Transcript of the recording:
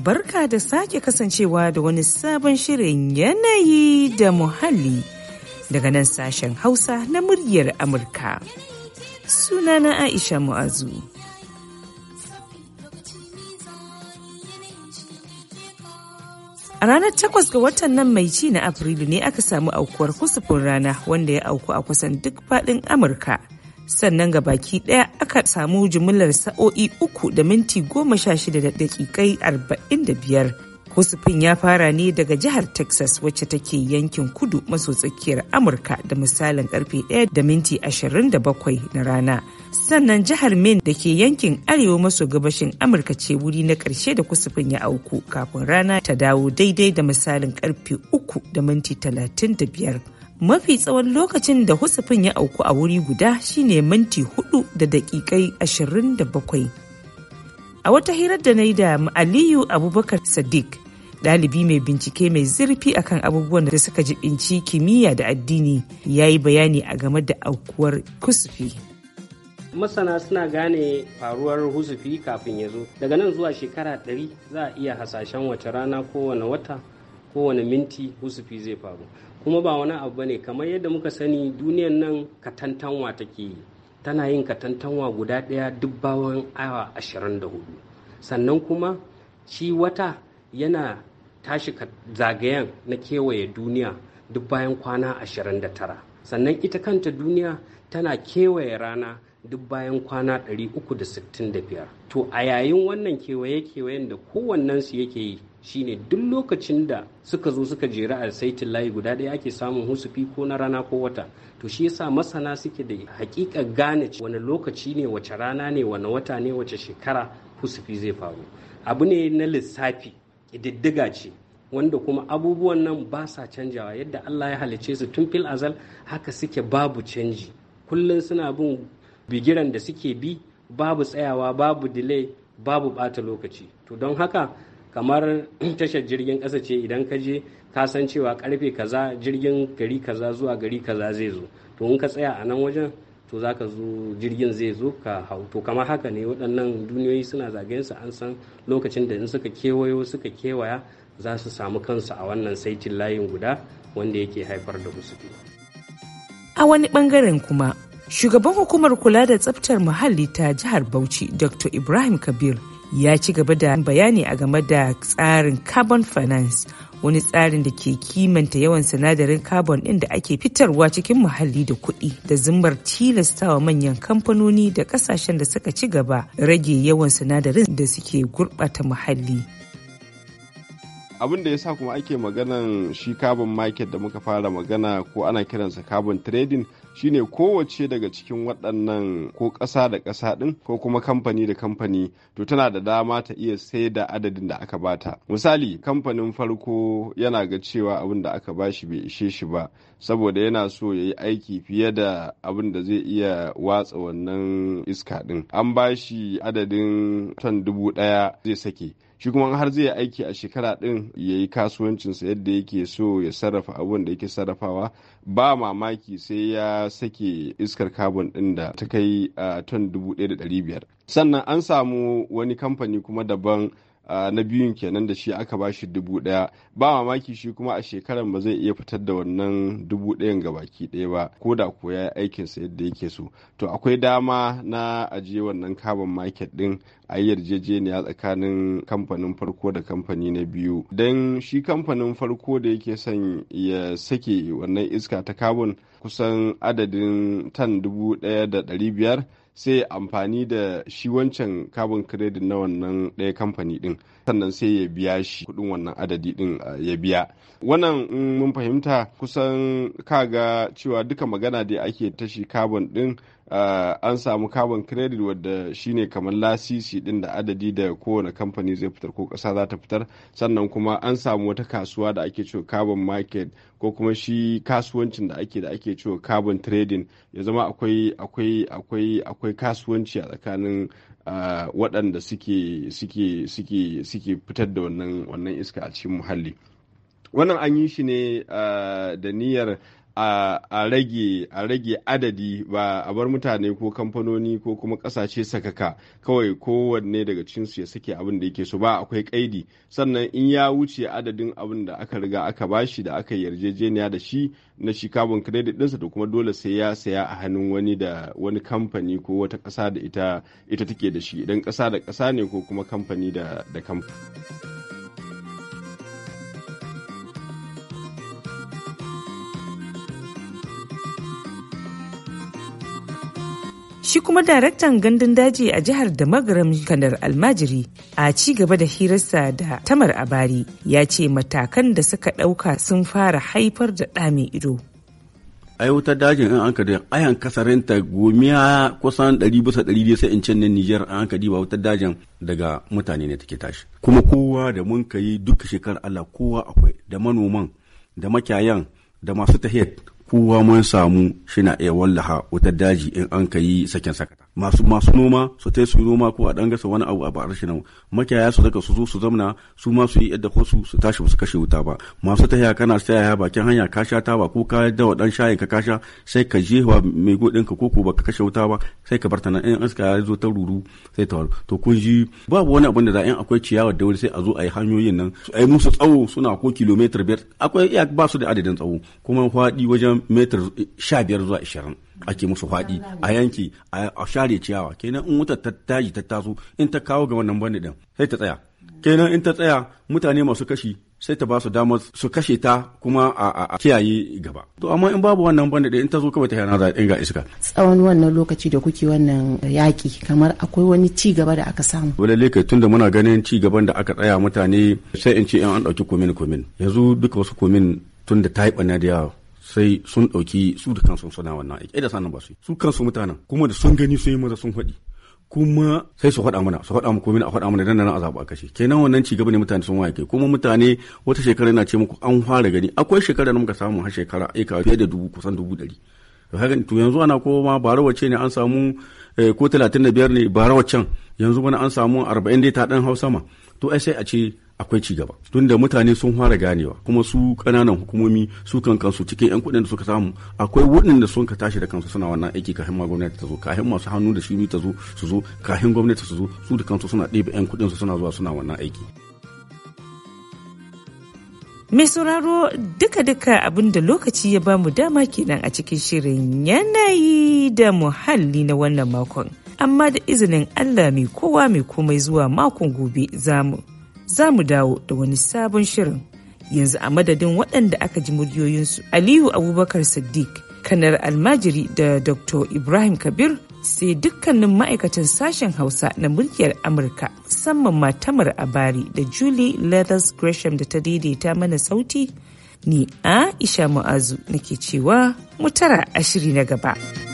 barka da sake kasancewa da wani sabon shirin yanayi da muhalli daga nan sashen hausa na muryar amurka sunana aisha mu'azu a ranar takwas ga watan nan mai ci na afrilu ne aka samu aukuwar kusufin rana wanda ya auku a kusan duk faɗin amurka sannan ga baki daya aka samu jimillar sa'o'i uku da minti goma sha shida da daƙiƙai arba'in da biyar Husufin ya fara ne daga jihar Texas wacce take yankin kudu maso tsakiyar Amurka da misalin karfe 1 da minti 27 na rana. Sannan jihar Maine da ke yankin arewa maso gabashin Amurka ce wuri na karshe da kusufin ya auku kafin rana ta dawo daidai da misalin karfe 3 da minti 35. mafi tsawon lokacin da husufin ya auku a wuri guda shine minti hudu da daƙiƙai ashirin da bakwai. a wata hirar da na yi da aliyu abubakar sadiq ɗalibi mai bincike mai zurfi akan abubuwan da suka jibinci kimiyya da addini ya yi bayani a game da aukuwar kusufi masana suna gane faruwar husufi kafin ya zo daga nan zuwa shekara ɗari za a iya hasashen wace rana kowane wata kowane minti husufi zai faru kuma ba wani abu bane kamar yadda muka sani duniyan nan katantanwa take tana yin katantanwa guda ɗaya duk bawan awa hudu, sannan kuma shi wata yana tashi zagayen na kewaye duniya duk bayan kwana ashirin da tara, sannan ita kanta duniya tana kewaye rana duk bayan kwana 365 to a yayin wannan kewaye-kewayen da kowannensu yake yi shine duk lokacin da suka zo suka jera a saitin layi guda ɗaya ake samun husufi ko na rana ko wata to shi yasa masana suke da hakika gane wani lokaci ne wace rana ne wani wata ne wace shekara husufi zai faru abu ne na lissafi ƙididdiga ce wanda kuma abubuwan nan ba sa canjawa yadda Allah ya halicce su tun fil azal haka suke babu canji kullum suna bin bigiran da suke bi babu tsayawa babu delay babu bata lokaci to don haka kamar tashar jirgin ƙasa ce idan ka je ka san cewa karfe kaza jirgin gari kaza zuwa gari kaza zai zo to in ka tsaya a nan wajen to za ka zo jirgin zai zo ka hau to kamar haka ne waɗannan duniyoyi suna zagayen an san lokacin da in suka kewayo suka kewaya za su samu kansu a wannan saitin layin guda wanda yake haifar da musu a wani bangaren kuma shugaban hukumar kula da tsaftar muhalli ta jihar bauchi dr ibrahim kabir ya ci gaba da bayani a game da tsarin carbon finance wani tsarin da ke kimanta yawan sinadarin carbon ɗin da ake fitarwa cikin muhalli da kuɗi da zumbar tilastawa manyan kamfanoni da ƙasashen da suka ci gaba rage yawan sinadarin da suke gurɓata muhalli. abin da ya sa kuma ake maganan shi carbon market da muka fara magana ko ana kiransa carbon trading shine kowace daga cikin waɗannan ko ƙasa da ƙasa ɗin ko kuma kamfani da kamfani to tana da dama ta iya sai da adadin da aka bata misali kamfanin farko yana ga cewa abin da aka bashi bai ishe shi ba saboda yana so ya yi aiki fiye da abin da zai iya watsa wannan iska ɗin an bashi adadin ton dubu ɗaya zai sake shi kuma har zai yi aiki a shekara din ya yi kasuwancinsa yadda yake so ya sarrafa abun da yake sarrafawa ba mamaki sai ya sake iskar carbon din da ta kai a ton biyar sannan an samu wani kamfani kuma daban na biyun kenan da shi aka ba shi dubu ɗaya ba mamaki shi kuma a shekaran ba zai iya fitar da wannan dubu ɗayan ga baki ɗaya ba ko da ko ya aikinsa yadda yake so to akwai dama na ajiye wannan carbon market ɗin a yarjejeniya tsakanin kamfanin farko da kamfani na biyu don shi kamfanin farko da yake son ya sake wannan iska ta carbon kusan adadin tan dubu ɗaya da ɗari biyar sai amfani da shi wancan carbon credit na wannan ɗaya kamfani ɗin sannan sai ya biya shi kuɗin wannan adadi ɗin ya biya wannan mun fahimta kusan kaga cewa duka magana da ake tashi carbon ɗin an samu carbon credit wadda shine kamar lasisi din da adadi da kowane kamfani zai fitar ko kasa za ta fitar sannan kuma an samu wata kasuwa da ake cewa carbon market ko kuma shi kasuwancin da ake da ake cewa carbon trading ya zama akwai akwai akwai akwai kasuwanci a tsakanin waɗanda suke suke suke suke fitar da wannan wannan iska a cikin muhalli wannan an yi shi ne da niyyar a rage a rage adadi ba a bar mutane ko kamfanoni ko kuma kasashe sakaka kawai kowanne daga cikinsu ya sake abin da yake so ba akwai kaidi sannan in ya wuce adadin abin da aka riga aka bashi da aka yarjejeniya da shi na shi carbon credit ɗinsa da kuma dole sai ya saya a hannun wani da wani kamfani ko wata ƙasa da ita ita take da shi idan kasa da kasa ne ko kuma kamfani da da kamfani Shi kuma daraktan gandun daji a jihar da magaram kanar almajiri a ci gaba da hirarsa da tamar abari ya ce matakan da suka ɗauka sun fara haifar da ɗa ido. ai wuta dajin an ayan kasarin ta gomiya kusan 100 sai in can nan Niger an ka ba wuta dajin daga mutane ne take tashi kuma kowa da mun kai duka duk Allah kowa akwai da manoman da makiyayan da masu tahiyat kowa mun samu shi na iya wallaha wutar daji in an ka yi sakin sakata masu masu noma su tai su noma ko a dangasa wani abu a ba rashi nan makiyaya su daga su zo su zamna su ma su yi yadda ko su su tashi su kashe wuta ba masu tahiya kana su haya bakin hanya ka sha ta ba ko ka wa dan shayin ka kasha sai ka je wa mai godin ka ba baka kashe wuta ba sai ka bar ta nan in aska ya zo ta ruru sai ta to kun ji babu wani abin da za in akwai ciyawa da wuri sai a zo a yi hanyoyin nan ai musu tsawo suna ko kilomitar biyar akwai iya ba su da adadin tsawo kuma faɗi wajen metar sha biyar zuwa ashirin ake musu faɗi a yanki a share ciyawa kenan in wutar ta taji ta taso in ta kawo ga wannan bandi din sai ta tsaya kenan in ta tsaya mutane masu kashi sai ta ba su damar su kashe ta kuma a kiyaye gaba to amma in babu wannan banda in ta zo kawai ta yana za inga iska tsawon wannan lokaci da kuke wannan yaki kamar akwai wani ci gaba da aka samu lalle kai tunda muna ganin ci gaban da aka tsaya mutane sai in ce in an dauki komin komin yanzu duka wasu komin tunda ta yi da yawa sai sun ɗauki su da kansu suna wannan aiki ai da sanan ba su su kansu mutanen kuma da sun gani sun yi maza sun faɗi kuma sai su faɗa mana su faɗa mu komai a faɗa mana dan nan a zaɓa kashe kenan wannan ci gaba ne mutane sun waye kai kuma mutane wata shekara yana ce muku an fara gani akwai shekara da muka samu har shekara ka. fiye da dubu kusan dubu ɗari to yanzu ana ma bara ce ne an samu eh, ko talatin da biyar ne bara can yanzu bana an samu arba'in dai ta ɗan hausa ma to ai sai a ce akwai ci gaba da mutane sun fara ganewa kuma su kananan hukumomi su kan kansu cikin yan kuɗin da suka samu akwai waɗanda sun ka tashi da kansu suna wannan aiki kafin ma gwamnati ta zo kafin masu hannu da shi ta zo su zo kafin gwamnati su zo su da kansu suna ɗebe yan kuɗin su suna zuwa suna wannan aiki Mai sauraro duka-duka abinda lokaci ya bamu dama kenan a cikin shirin yanayi da muhalli na wannan makon. Amma da izinin Allah mai kowa mai komai zuwa makon gobe zamu za mu dawo da wani sabon shirin yanzu a madadin waɗanda aka ji muryoyinsu aliyu abubakar siddiq kanar almajiri da dr ibrahim kabir sai dukkanin ma'aikatan sashen hausa na mulkiyar amurka musamman matamar abari da julie leathers gresham da ta daidaita mana sauti ni aisha mu'azu nake cewa mutara ashiri na gaba.